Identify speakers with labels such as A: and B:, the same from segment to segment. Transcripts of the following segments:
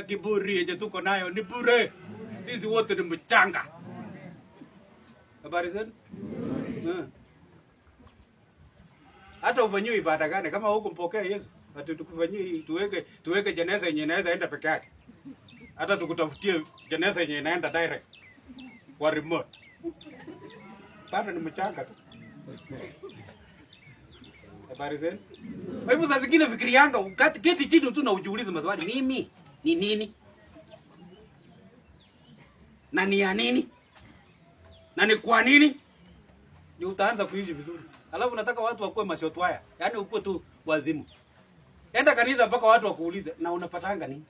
A: na kiburi yenye tuko nayo ni bure. Sisi wote ni mchanga. Habari zenu? Eh. Hata ufanyiwe ibada gani kama hukumpokea Yesu? Hata tukufanyie tuweke tuweke jeneza yenye inaweza enda peke yake. Hata tukutafutie jeneza yenye inaenda direct kwa remote. Bado ni mchanga tu. Habari zenu?
B: Hebu saa zingine fikiri yanga ukati keti chini tu na ujiulize maswali mimi ni nini na ni ya nini na ni kwa nini,
A: ni utaanza kuishi vizuri. Alafu nataka watu wakuwe mashotwaya, yaani ukuwe tu wazimu. Enda kanisa mpaka watu wakuulize na unapatanga nini?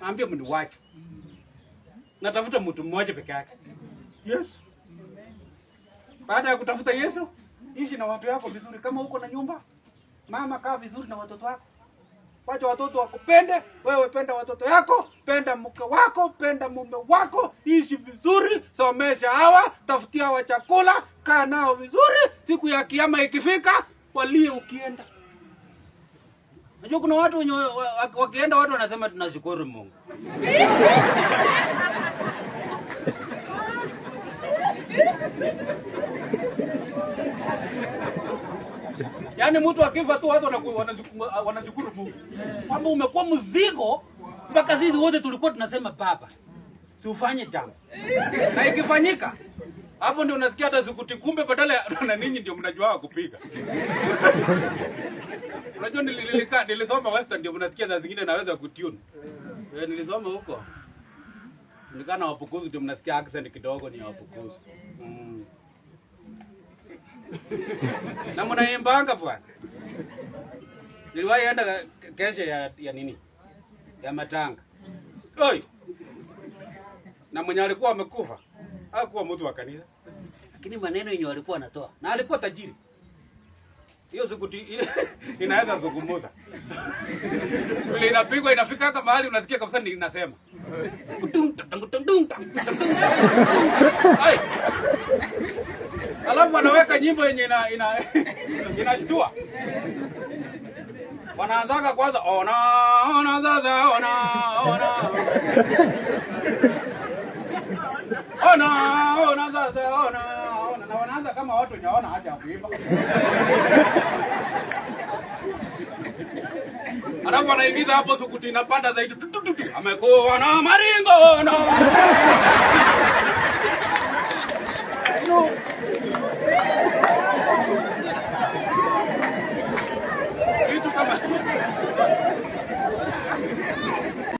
A: Ambia mniwache, natafuta mtu mmoja peke yake, Yesu. Baada ya kutafuta Yesu, ishi na watu wako vizuri. Kama uko na nyumba, mama, kaa vizuri na watoto wako. Wacha watoto wakupende wewe, penda watoto yako, penda mke wako, penda mume wako, ishi vizuri, somesha hawa, tafutia hawa chakula, kaa nao vizuri. Siku ya kiama ikifika, walie ukienda.
B: Najua kuna watu wenye wakienda watu wanasema tunashukuru Mungu. Yaani mtu akifa tu watu ah, wanashukuru tu. kwamba umekuwa mzigo, mpaka sisi wote tulikuwa tunasema baba, si ufanye jambo, na ikifanyika hapo ndio unasikia hata sikuti, kumbe badala na ninyi ndio mnajua wa kupiga. Unajua nililikaa nilisoma Western ndio mnasikia za zingine naweza kutune. Eh, nilisoma huko. Nikana wapukuzi ndio mnasikia accent kidogo ni wapukuzi. Mm na mnaimbanga bwana. Niliwahi enda kesha ya, ya nini ya matanga oi, na mwenye alikuwa amekufa hakuwa mtu wa kanisa, lakini maneno yenye walikuwa anatoa na alikuwa tajiri hiyo siku inaweza zungumuza vile inapigwa inafika hata mahali unasikia kabisa ninasema alafu anaweka nyimbo yenye ina ina inashtua. Wanaanzaga kwanza ona ona zaza ona ona ona ona zaza ona ona, na wanaanza kama watu nyaona hata kuimba alafu anaingiza hapo sukuti inapanda zaidi, amekoa na maringo na